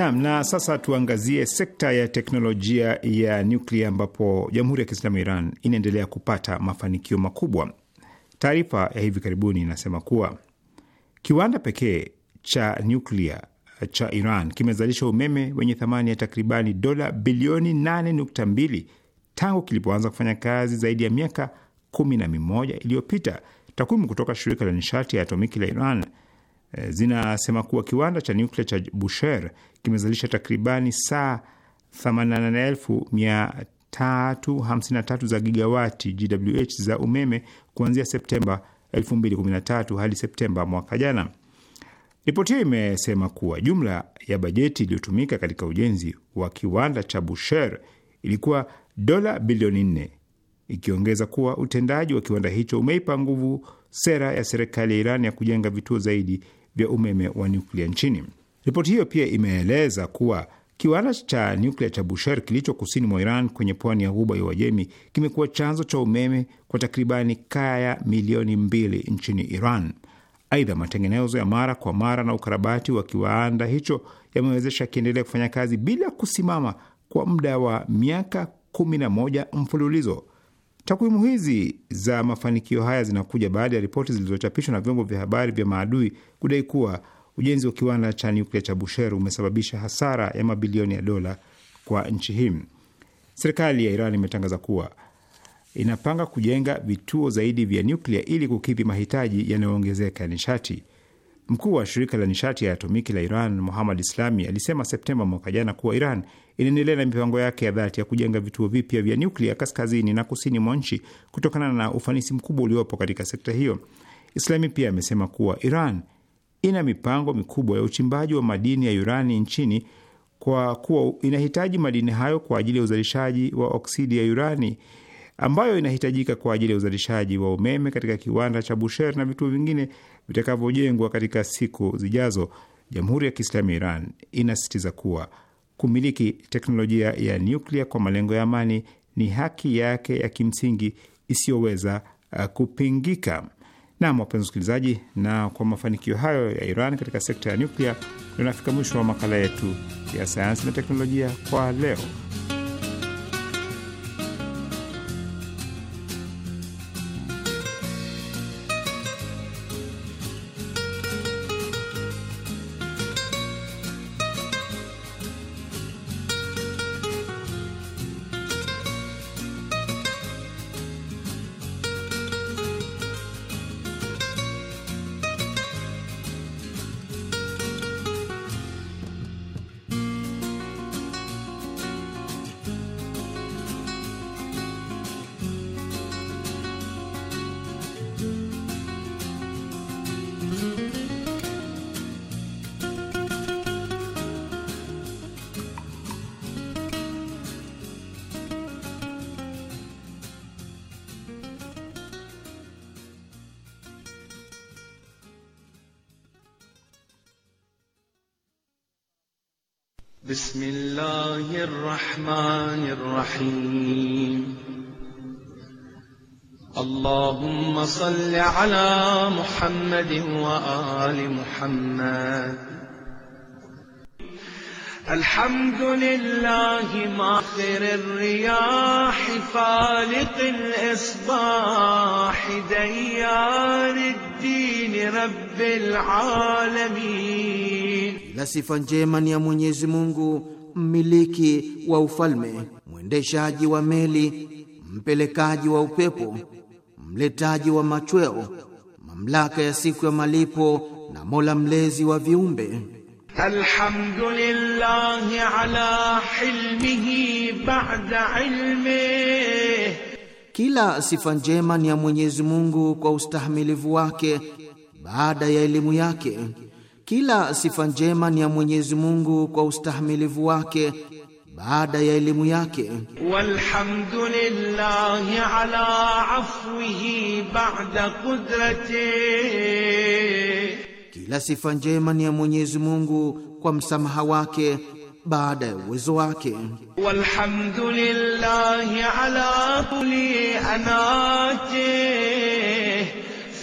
Naam, na sasa tuangazie sekta ya teknolojia ya nyuklia ambapo Jamhuri ya Kiislamu ya Iran inaendelea kupata mafanikio makubwa. Taarifa ya hivi karibuni inasema kuwa kiwanda pekee cha nyuklia cha Iran kimezalisha umeme wenye thamani ya takribani dola bilioni 8.2 tangu kilipoanza kufanya kazi zaidi ya miaka kumi na mimoja iliyopita. Takwimu kutoka shirika la nishati ya atomiki la Iran Eh, zinasema kuwa kiwanda cha nyuklia cha Bushehr kimezalisha takribani saa 88353 za gigawati GWH za umeme kuanzia Septemba 2013 hadi Septemba mwaka jana. Ripoti hiyo imesema kuwa jumla ya bajeti iliyotumika katika ujenzi wa kiwanda cha Bushehr ilikuwa dola bilioni 4, ikiongeza kuwa utendaji wa kiwanda hicho umeipa nguvu sera ya serikali ya Iran ya kujenga vituo zaidi vya umeme wa nyuklia nchini. Ripoti hiyo pia imeeleza kuwa kiwanda cha nyuklia cha Bushehr kilicho kusini mwa Iran kwenye pwani ya ghuba ya Uajemi kimekuwa chanzo cha umeme kwa takribani kaya milioni mbili nchini Iran. Aidha, matengenezo ya mara kwa mara na ukarabati wa kiwanda hicho yamewezesha kiendelea kufanya kazi bila kusimama kwa muda wa miaka 11 mfululizo. Takwimu hizi za mafanikio haya zinakuja baada ya ripoti zilizochapishwa na vyombo vya habari vya maadui kudai kuwa ujenzi wa kiwanda cha nyuklia cha Bushehr umesababisha hasara ya mabilioni ya dola kwa nchi hii. Serikali ya Iran imetangaza kuwa inapanga kujenga vituo zaidi vya nyuklia ili kukidhi mahitaji yanayoongezeka ya nishati. Mkuu wa shirika la nishati ya atomiki la Iran Muhammad Islami alisema Septemba mwaka jana kuwa Iran inaendelea na mipango yake ya dhati ya kujenga vituo vipya vya nyuklia kaskazini na kusini mwa nchi kutokana na ufanisi mkubwa uliopo katika sekta hiyo. Islami pia amesema kuwa Iran ina mipango mikubwa ya uchimbaji wa madini ya urani nchini kwa kuwa inahitaji madini hayo kwa ajili ya uzalishaji wa oksidi ya urani ambayo inahitajika kwa ajili ya uzalishaji wa umeme katika kiwanda cha Busher na vituo vingine vitakavyojengwa katika siku zijazo. Jamhuri ya Kiislamu ya Iran inasisitiza kuwa kumiliki teknolojia ya nyuklia kwa malengo ya amani ni haki yake ya kimsingi isiyoweza uh, kupingika. Nam, wapenzi wasikilizaji, na kwa mafanikio hayo ya Iran katika sekta ya nyuklia, tunafika mwisho wa makala yetu ya sayansi na teknolojia kwa leo. خالق الإصباح ديار الدين رب العالمين ila sifa njema ni ya Mwenyezi Mungu mmiliki wa ufalme mwendeshaji wa meli mpelekaji wa upepo mletaji wa machweo mamlaka ya siku ya malipo na mola mlezi wa viumbe الحمد لله على حلمه بعد علمه kila sifa njema ni ya Mwenyezi Mungu kwa ustahimilivu wake baada ya elimu yake. Kila sifa njema ni ya Mwenyezi Mungu kwa ustahimilivu wake baada ya elimu yake. Walhamdulillahi ala afwihi ba'da qudratihi kila sifa njema ni ya Mwenyezi Mungu kwa msamaha wake baada ya uwezo wake. Walhamdulillahi ala kulli anati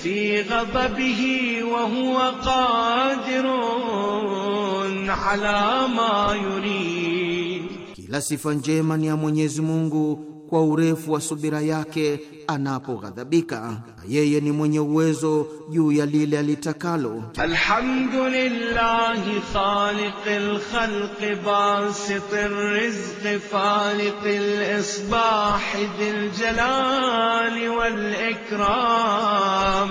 fi ghadabihi wa huwa qadirun ala ma yuri, Kila sifa njema ni ya Mwenyezi Mungu kwa urefu wa subira yake anapoghadhabika. Yeye ni mwenye uwezo juu ya lile alitakalo. Alhamdulillahi khaliqil khalqi basitir rizqi faliqil isbahi dhil jalali wal ikram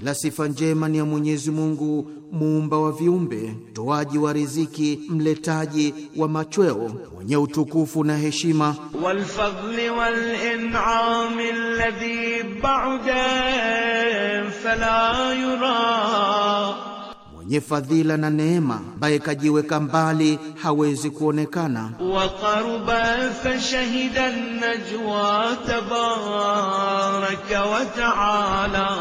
Kila sifa njema ni ya Mwenyezi Mungu, muumba wa viumbe, toaji wa riziki, mletaji wa machweo, mwenye utukufu na heshima. wal fadli wal in'am alladhi ba'da fala yura mwenye fadhila na neema, baye kajiweka mbali hawezi kuonekana. wa qaruba fa shahida najwa tabarak wa taala,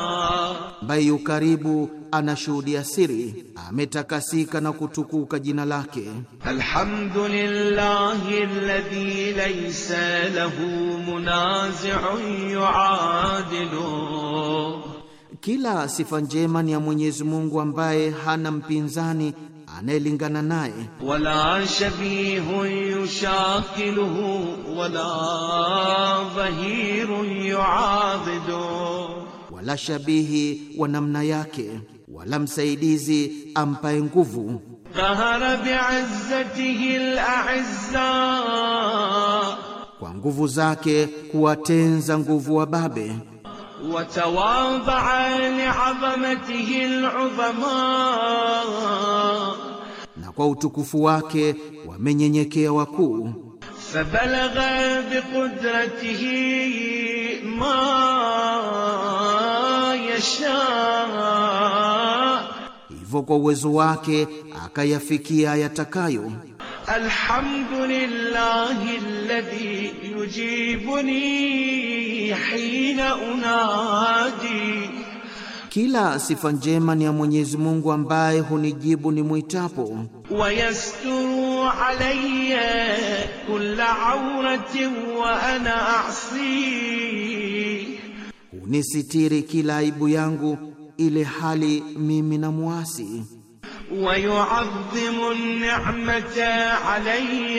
baye yukaribu anashuhudia siri, ametakasika na kutukuka jina lake. Alhamdulillahi alladhi laysa lahu munazi'un yu'adilu kila sifa njema ni ya Mwenyezi Mungu ambaye hana mpinzani anayelingana naye. wala shabihu yushakiluhu wala dhahiru yuadidu, wala shabihi wa namna yake, wala msaidizi ampae nguvu. qahara bi'izzatihi al-a'izza, kwa nguvu zake kuwatenza nguvu wa babe وتواضع لعظمته العظماء kwa utukufu wake wamenyenyekea wakuu fabalagha biqudratihi ma yasha hivyo kwa uwezo wake akayafikia yatakayo الحمد لله الذي يجيبني حين unadi, kila sifa njema ni ya Mwenyezi Mungu ambaye hunijibu ni mwitapo. wayasturu alayya kulla aurati wa ana asi, hunisitiri kila aibu yangu ile hali mimi na muasi. ويعظم النعمة علي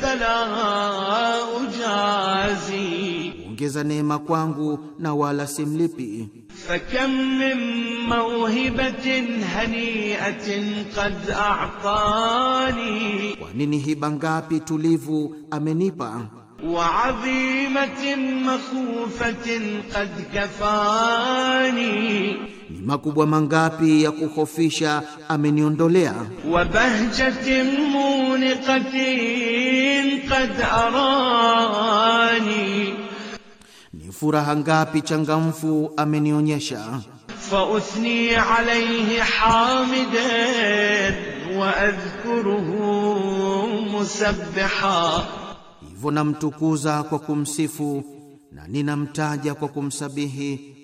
فلا أجازي ongeza neema kwangu na wala simlipi. fakam min mawhibatin haniatin qad a'tani, kwa nini hiba ngapi tulivu amenipa. وعظيمة مخوفة قد كفاني ni makubwa mangapi ya kuhofisha ameniondolea. wa bahjatin muniqatin qad arani, ni furaha ngapi changamfu amenionyesha. fa uthni alayhi hamidan wa adhkuruhu musabbiha hivyo namtukuza kwa kumsifu na ninamtaja kwa kumsabihi.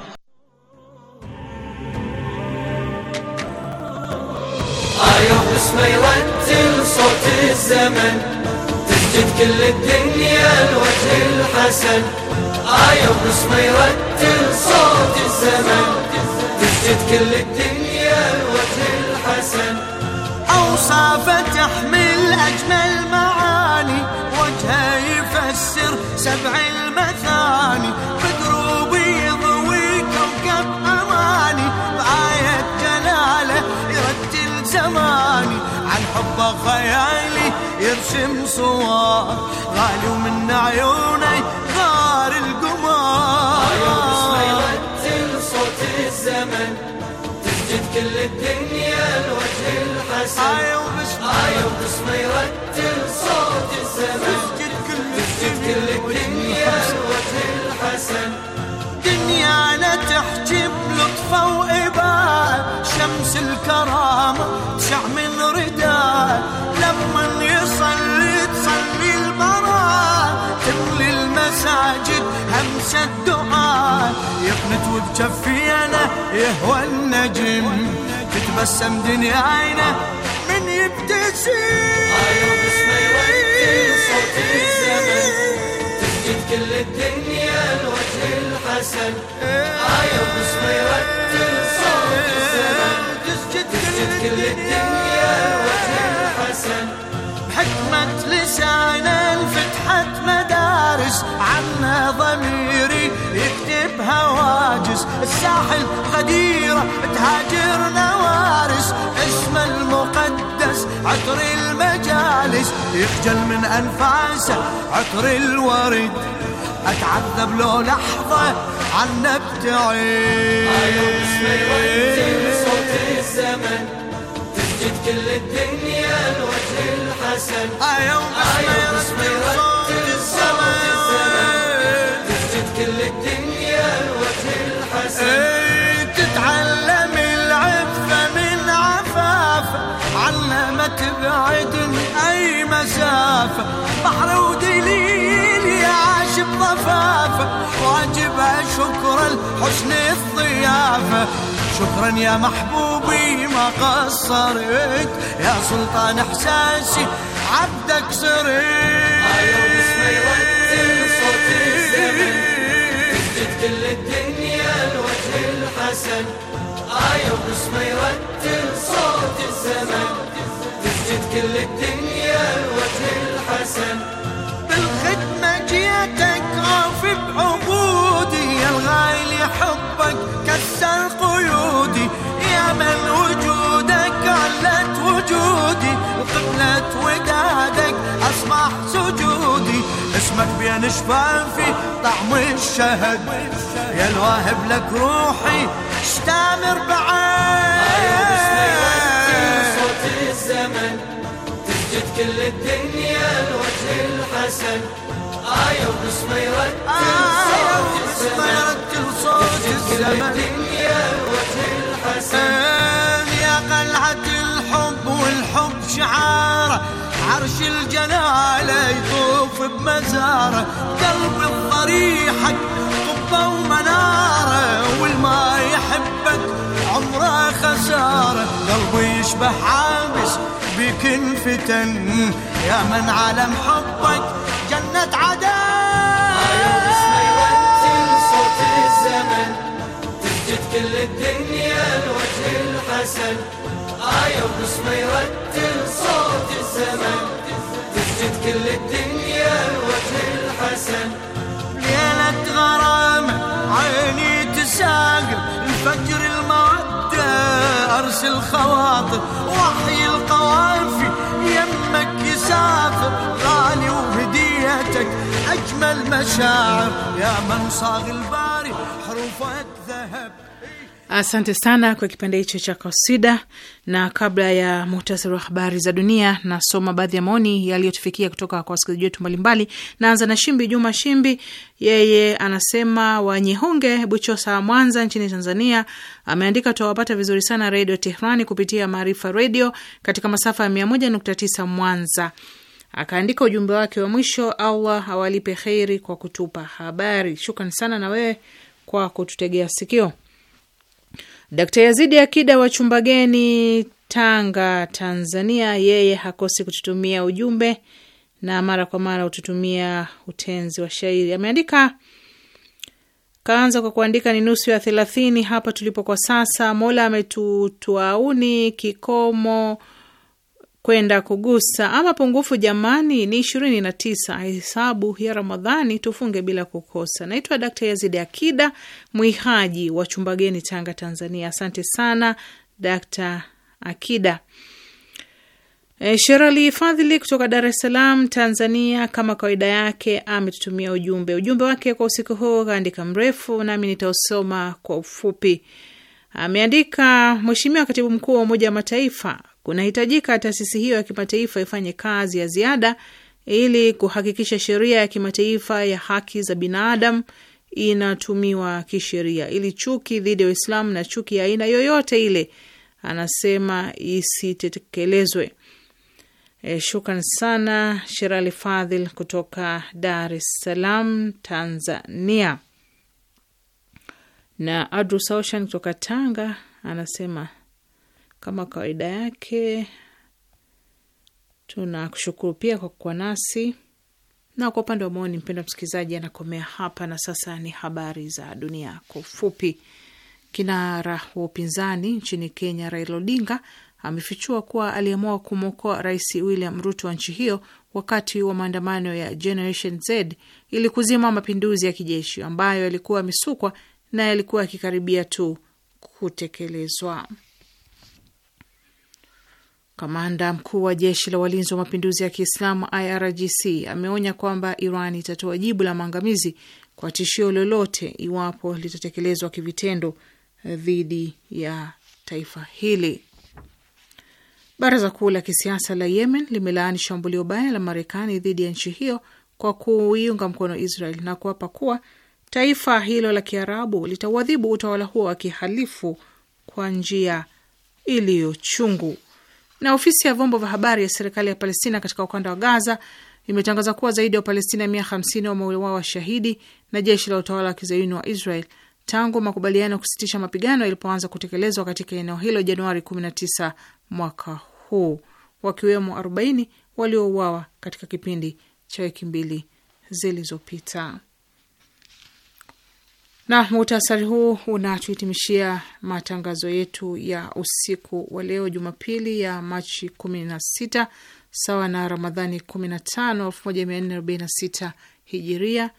خيالي يرسم صور غالي ومن عيوني غار القمر يوم يرتل صوت الزمن تسجد كل الدنيا الوجه الحسن ايوه بس ما يرتل صوت الزمن تسجد كل الدنيا الوجه الحسن دنيانا تحجي بلطفة وإباء شمس الكرامة تشع من رداء لما يصلي تصلي المرأة تملي المساجد همسة الدعاء يقنت أنا يهوى النجم تتبسم دنيانا من يبتسم أيوة بسمي ودي صوت الزمن تسجد كل الدنيا الحسن عاية وصغيرة صوت الزمن تسجد كل الدنيا لوجه الحسن بحكمة لسانه انفتحت مدارس عنا ضميري يكتب هواجس الساحل قديرة تهاجر نوارس اسم المقدس عطر المجالس يخجل من أنفاسه عطر الورد اتعذب لو لحظة عنك تعيش صوت الزمن تسجد كل الدنيا الوجه الحسن ايوم اسمي صوت الزمن تسجد كل الدنيا الوجه الحسن تتعلم العفة من عفاف عنها ما تبعد اي مسافة بحر ودليل عاش بضفافه واجبه شكرا حسن الضيافه شكرا يا محبوبي ما قصرت يا سلطان احساسي عبدك صرت أيوة، كل الدنيا أيوة، الوجه الحسن آية واسمه يرتل صوت الزمن تسجد كل الدنيا الوجه الحسن بالخدمة جيتك غافي بعبودي يا الغالي حبك كسر قيودي يا من وجودك علت وجودي وقبلة ودادك اصبح سجودي اسمك بين شفافي طعم الشهد يا الواهب لك روحي اشتامر بعين أيوة، صوت الزمن تسجد كل الدنيا الوجه الحسن عيون صميرت عيون صميرت كل صوت الزمن الدنيا وجه الحسن يا قلعة الحب والحب شعار عرش الجلال يطوف بمزاره قلب الضريحك قبة ومناره والما يحبك عمره خساره قلبي يشبه حابس بكن فتن يا من عالم حبك جنة عدن كل الدنيا الوجه الحسن آية وقسمة يرتل صوت الزمن تسجد كل الدنيا الوجه الحسن ليلة غرام عيني تساقل الفجر المودة أرسل خواطر وحي القوافي يمك يسافر غالي وهديتك أجمل مشاعر يا من صاغ الباري حروفك ذهب Asante sana kwa kipande hicho cha kasida, na kabla ya muhtasari wa habari za dunia, nasoma baadhi ya maoni yaliyotufikia kutoka kwa wasikilizaji wetu mbalimbali. Naanza na Shimbi Juma Shimbi, yeye anasema Wanyehunge, Buchosa, Mwanza nchini Tanzania. Ameandika, tuwapata vizuri sana Redio Tehrani kupitia Maarifa Redio katika masafa ya tisa Mwanza. Akaandika ujumbe wake wa mwisho, Allah awalipe kheri kwa kutupa habari. Shukran sana na wewe kwa kututegea sikio. Dkt Yazidi Akida wa Chumbageni, Tanga, Tanzania, yeye hakosi kututumia ujumbe na mara kwa mara hututumia utenzi wa shairi. Ameandika, kaanza kwa kuandika ni nusu ya thelathini hapa tulipo kwa sasa. Mola ametutwauni kikomo kwenda kugusa ama pungufu. Jamani, ni ishirini na tisa hesabu ya Ramadhani, tufunge bila kukosa. Naitwa Dakta Yazidi Akida Mwihaji wa Chumbageni, Tanga, Tanzania. Asante sana Dakta Akida. E, Sherali Fadhili kutoka Dar es Salaam, Tanzania, kama kawaida yake ametutumia ujumbe. Ujumbe wake kwa usiku huu kaandika mrefu, nami nitausoma kwa ufupi. Ameandika: Mheshimiwa Katibu Mkuu wa Umoja wa Mataifa, kunahitajika taasisi hiyo ya kimataifa ifanye kazi ya ziada ili kuhakikisha sheria ya kimataifa ya haki za binadamu inatumiwa kisheria, ili chuki dhidi ya Uislamu na chuki ya aina yoyote ile, anasema isitekelezwe. E, shukran sana Sherali Fadhil kutoka Dar es Salaam, Tanzania, na Adrus kutoka Tanga anasema kama kawaida yake, tunakushukuru pia kwa kuwa nasi, na kwa upande wa maoni, mpendwa msikilizaji, anakomea hapa. Na sasa ni habari za dunia kwa ufupi. Kinara wa upinzani nchini Kenya, Raila Odinga amefichua kuwa aliamua kumwokoa Rais William Ruto wa nchi hiyo wakati wa maandamano ya Generation Z ili kuzima mapinduzi ya kijeshi ambayo yalikuwa yamesukwa na yalikuwa yakikaribia tu kutekelezwa. Kamanda mkuu wa jeshi la walinzi wa mapinduzi ya Kiislamu IRGC ameonya kwamba Iran itatoa jibu la maangamizi kwa tishio lolote iwapo litatekelezwa kivitendo dhidi ya taifa hili. Baraza kuu la kisiasa la Yemen limelaani shambulio baya la Marekani dhidi ya nchi hiyo kwa kuiunga mkono Israel na kuapa kuwa taifa hilo la Kiarabu litauadhibu utawala huo wa kihalifu kwa njia iliyo chungu. Na ofisi ya vyombo vya habari ya serikali ya Palestina katika ukanda wa Gaza imetangaza kuwa zaidi ya Wapalestina 150 wameuawa washahidi na jeshi la utawala wa kizayuni wa Israel tangu makubaliano ya kusitisha mapigano yalipoanza kutekelezwa katika eneo hilo Januari 19 mwaka huu, wakiwemo 40 waliouawa katika kipindi cha wiki mbili zilizopita. Na muhtasari huu unatuhitimishia matangazo yetu ya usiku wa leo Jumapili ya Machi 16 sawa na Ramadhani 15 1446 Hijiria,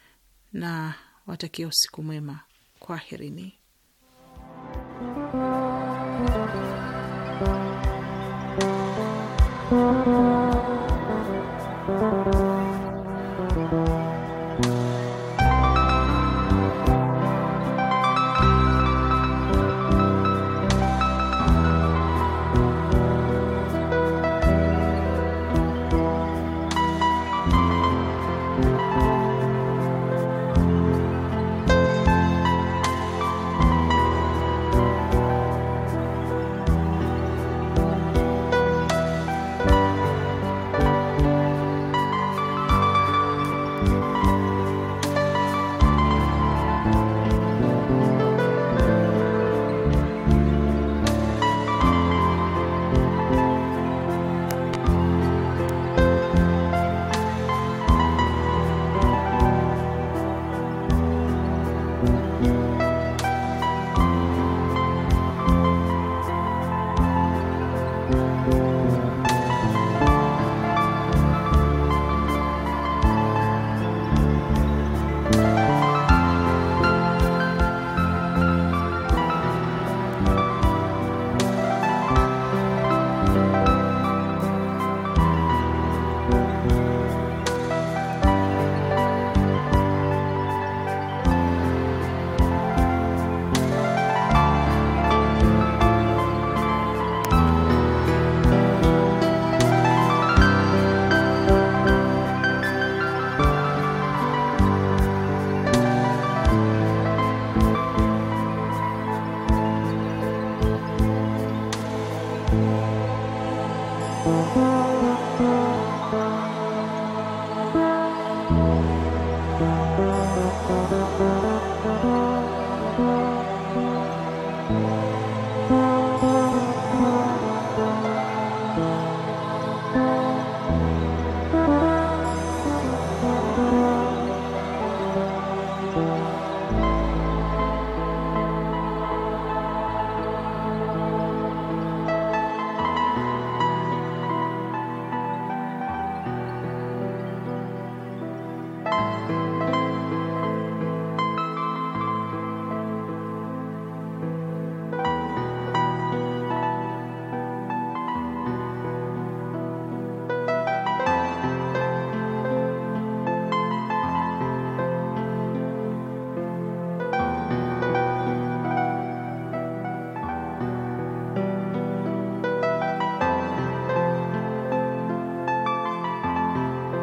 na watakia usiku mwema, kwaherini.